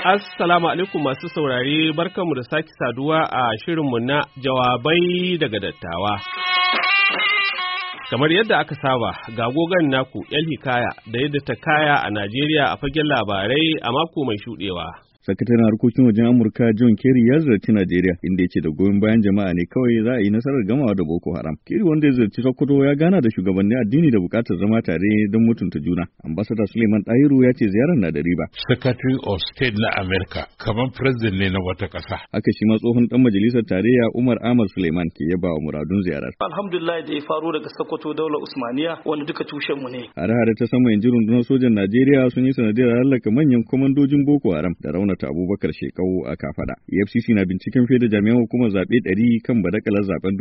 Assalamu alaikum masu saurare barkanmu da sake saduwa a mu na jawabai daga dattawa. Kamar yadda aka saba, ga gogon naku 'yan Hikaya da yadda ta kaya a Najeriya a fagen labarai a mako mai shuɗewa. Sakataren harkokin wajen Amurka John Kerry ya ziyarci Najeriya inda ya ce da goyon bayan jama'a ne kawai za a yi nasarar gamawa da Boko Haram. Kerry wanda ya ziyarci Sokoto ya gana da shugabanni addini da bukatar zama tare don mutunta juna. Ambassador Suleiman Dahiru ya ce ziyarar na da riba. Secretary of State na america kamar president ne na wata kasa. Haka shi ma tsohon dan majalisar tarayya Umar Ahmad Suleiman ke yaba wa muradun ziyarar. Alhamdulillah da ya faru daga Sokoto Daula, Usmaniya wanda duka tushen mu ne. Hare-hare ta sama yanzu rundunar sojan Najeriya sun yi sanadiyar hallaka manyan kwamandojin Boko Haram da raunar Dr. Abubakar Shekau a kafada. EFCC na binciken fiye da jami'an hukumar zaɓe ɗari kan badakalar zaɓen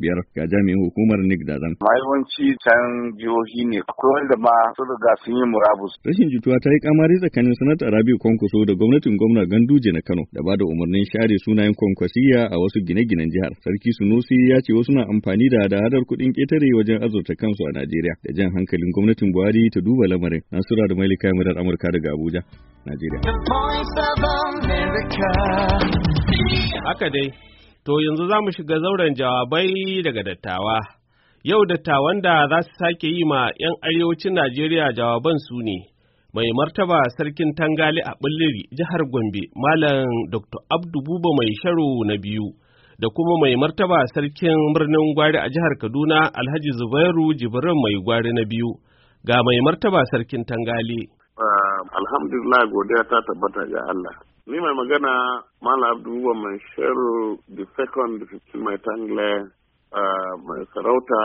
biyar ga jami'an hukumar Nick Dazan. Mahimmanci can jihohi ne akwai wanda ma su riga sun yi murabus. Rashin jituwa ta yi kamari tsakanin sanata Rabiu Kwankwaso da gwamnatin gwamna Ganduje na Kano da ba da umarnin share sunayen Kwankwasiya a wasu gine-ginen jihar. Sarki Sunusi ya ce wasu na amfani da hadar kuɗin ƙetare wajen azurta kansu a Najeriya da jan hankalin gwamnatin Buhari ta duba lamarin. Nasura da Mailika Murar Amurka daga Abuja. Najeriya. Haka dai, to yanzu za mu shiga zauren jawabai daga dattawa. Yau dattawan da za su sake yi ma 'yan arewacin Najeriya jawaban su ne. Mai martaba sarkin Tangali a Bulliri, jihar Gombe, Malam Dr. Abdu Buba Mai Sharo na biyu, da kuma mai martaba sarkin birnin Gwari a jihar Kaduna, Alhaji Zubairu Jibrin Mai Gwari na biyu, ga mai martaba sarkin Tangali. alhamdulillah godiya ta tabbata ga Allah ni mai magana Malam Abdulwa mai the second 15 mai tangle uh, mai sarauta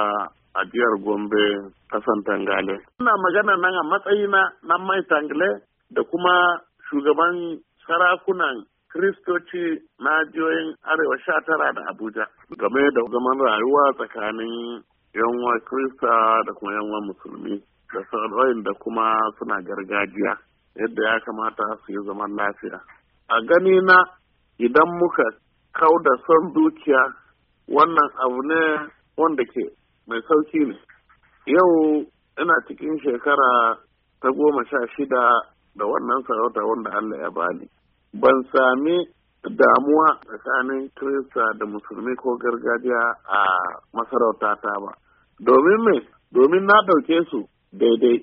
a jihar Gombe kasan Tangale. Ina magana nan a matsayina na mai tangle da kuma shugaban sarakunan Kristoci na jiyoyin Arewa sha tara da Abuja game da zaman rayuwa tsakanin yanwa Krista da kuma yanwa Musulmi. da sauran da kuma suna gargajiya yadda ya kamata su yi zaman lafiya a gani na idan muka kau da son zuciya wannan abu ne wanda ke mai sauki ne yau ina cikin shekara ta goma sha shida da wannan sarauta wanda Allah ya bani ban sami damuwa tsakanin Kirista da musulmi ko gargajiya a masarautata ba domin me domin na ɗauke su daidai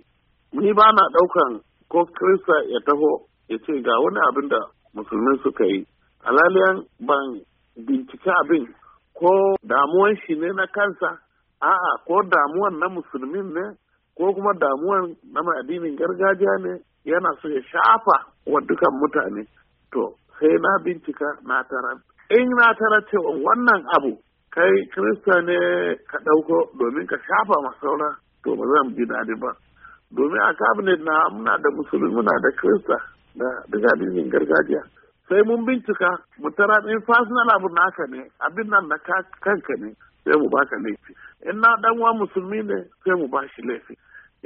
ni ba na ɗaukan ko kirista ya taho ya ce ga wani abin da musulmi suka yi alaliyan ban bincika abin ko damuwan shi ne na kansa a'a ko damuwan na musulmin ne ko kuma damuwan na addinin gargajiya ne yana so ya shafa wa dukan mutane to sai na bincika na tara. in na tara cewa wannan abu kai kirista ne ka ɗauko domin ka shafa masaura to ba za mu ji daɗi ba domin a cabinet na muna da musulmi muna da kirista da daga gargajiya sai mun bincika mu tara in fasinal abu naka ne abin nan na kanka ne sai mu baka laifi in na dan wa musulmi ne sai mu bashi laifi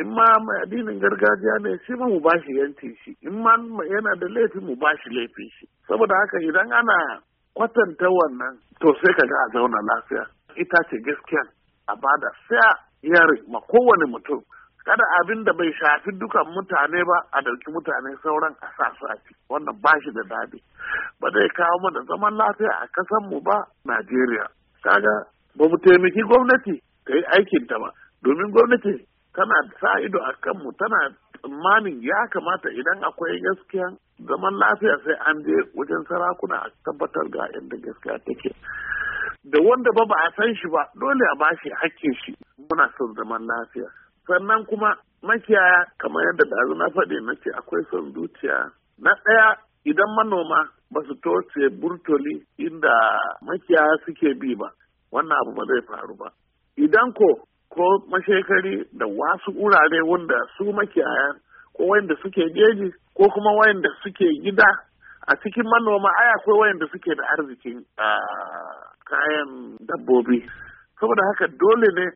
in ma mai addinin gargajiya ne shi ma mu ba shi yanci shi in ma yana da laifi mu ba shi laifin shi saboda haka idan ana kwatanta wannan to sai ka ga a zauna lafiya ita ce gaskiya a bada sai yare ma kowane mutum kada abin da bai shafi dukan mutane ba a dauki mutane sauran a sa su a ci wannan ba shi da daɗi ba zai kawo mana zaman lafiya a kasan mu ba Najeriya kaga ba mu taimaki gwamnati ta yi aikin ta ba domin gwamnati tana sa ido a kan mu tana tsammanin ya kamata idan akwai gaskiya zaman lafiya sai an je wajen sarakuna a tabbatar ga inda gaskiya take da wanda ba ba a san shi ba dole a bashi hakkin shi muna son zaman lafiya sannan kuma makiyaya kamar yadda da na faɗi na ce akwai son zuciya na ɗaya idan manoma ba su toce burtoli inda makiyaya suke bi ba wannan abu ba zai faru ba idan ko ko mashekari da wasu wurare wanda su makiyaya ko wayanda suke jeji ko kuma wayanda suke gida a cikin manoma ai akwai wayanda suke da arzikin ah, kayan dabbobi saboda haka dole ne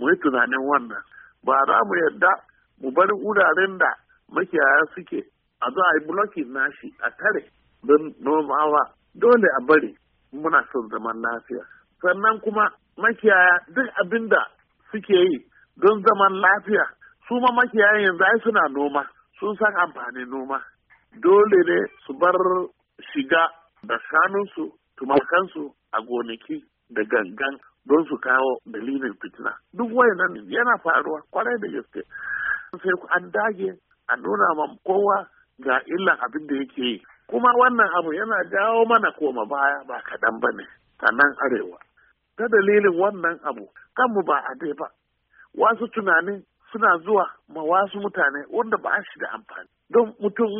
mu yi tunanin wannan ba za mu yadda mu bar wuraren da makiyaya suke a zo a yi blocking nashi a tare don nomawa dole a bari muna son zaman lafiya sannan kuma makiyaya duk abin da suke yi don zaman lafiya su ma makiyayan yanzu ai suna noma sun san amfanin noma dole ne su bar shiga da shanunsu tumakansu a gonaki da gangan don su kawo dalilin fitina duk wayannan yana faruwa kwarai da gaske sai an dage a nuna ma kowa ga illan abin da yake yi kuma wannan abu yana jawo mana koma baya ba kaɗan ba ne a nan arewa ta dalilin wannan abu kanmu ba a dai ba wasu tunani suna zuwa ma wasu mutane wanda ba shi da amfani don mutum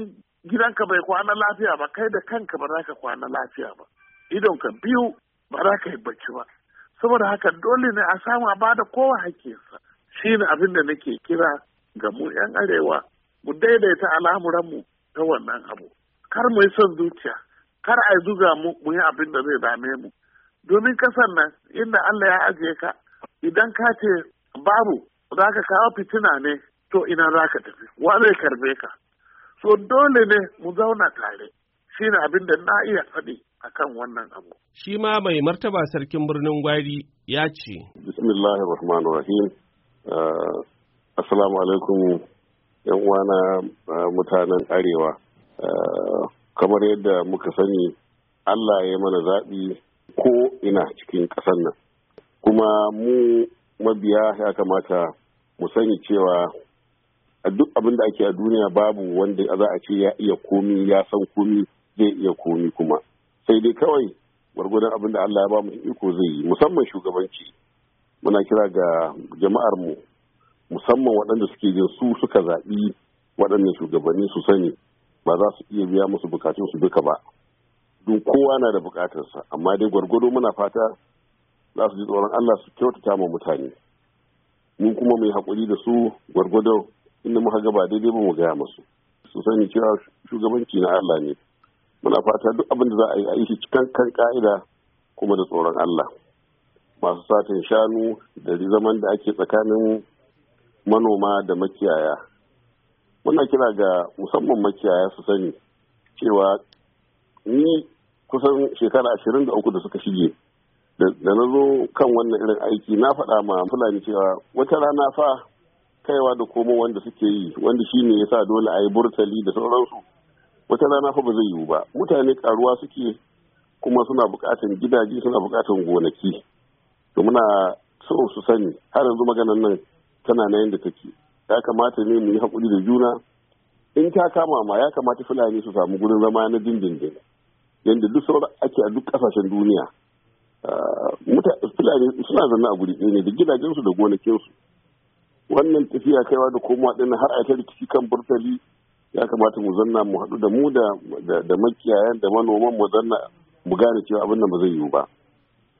gidanka bai kwana lafiya ba kai da kanka ba za ka kwana lafiya ba idonka biyu ba za ka yi bacci ba saboda haka dole ne a samu a bada kowa hakkinsa shi ne abin da nake kira ga mu 'yan arewa mu daidaita al'amuranmu ta wannan abu kar mu yi son zuciya kar a zuga mu mu yi abin da zai dame mu domin kasan nan inda Allah ya ajiye ka idan ka ce babu za ka kawo fitina ne to ina za ka tafi wa zai karbe ka so dole ne mu zauna tare shine abin da na iya faɗi akan wannan abu. Shi ma mai martaba sarkin birnin gwari ya ce. Bismillah ar-Rahman rahim uh, Assalamu alaikum yan uwana uh, mutanen arewa. Uh, kamar yadda muka sani Allah ya mana zaɓi ko ina cikin ƙasar nan. Kuma mu mabiya ya kamata mu sani cewa a duk abin da ake a duniya babu wanda za a ce ya iya komi ya san komi zai iya komi kuma. sai dai kawai gwargwadon abin da Allah ya ba mu iko zai yi musamman shugabanci muna kira ga jama'ar mu musamman waɗanda suke jin su suka zaɓi waɗannan shugabanni su sani ba za su iya biya musu bukatun su duka ba don kowa na da bukatarsa amma dai gwargwado muna fata za su ji tsoron Allah su kyautata ma mutane mun kuma mai haƙuri da su gwargwado inda muka gaba daidai ba mu gaya musu su sani cewa shugabanci na Allah ne muna fata duk abin da za a yi a yi cikin kan ka'ida kuma da tsoron Allah masu satin shanu da zaman da ake tsakanin manoma da makiyaya muna kira ga musamman makiyaya su sani cewa ni kusan shekara ashirin da uku da suka shige da na zo kan wannan irin aiki na faɗa ma fulani cewa wata rana fa kaiwa da komo wanda suke yi wanda shine sa dole a yi burtali da sauransu wata rana fa ba zai yiwu ba mutane karuwa suke kuma suna bukatan gidaje suna bukatan gonaki to muna so su sani har yanzu maganan nan tana na yadda take ya kamata ne mu yi hakuri da juna in ta kama ma ya kamata fulani su samu gurin zama na dindindin yadda duk sauran ake a duk kasashen duniya ah, fulani suna zanna a guri ɗaya ne da gidajensu da gonakinsu wannan tafiya kaiwa da komawa ɗin har a ta rikici kan burtali ya kamata mu zanna mu haɗu da mu da makiyayan da manoman mu zanna mu gane cewa abin nan ba zai yiwu ba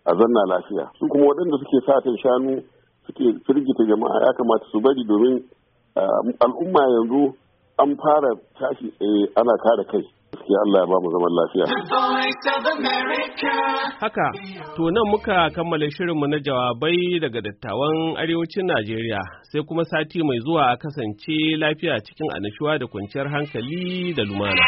a zanna lafiya su kuma waɗanda suke satan shanu suke firgita jama'a ya kamata su bari domin ah, al'umma yanzu an fara tashi tsaye ana kare kai gaskiya Allah ya ba mu zaman lafiya. Haka, to nan muka kammala shirin mu na jawabai daga dattawan arewacin Najeriya sai kuma sati mai zuwa a kasance lafiya cikin annashuwa da kwanciyar hankali da lumana.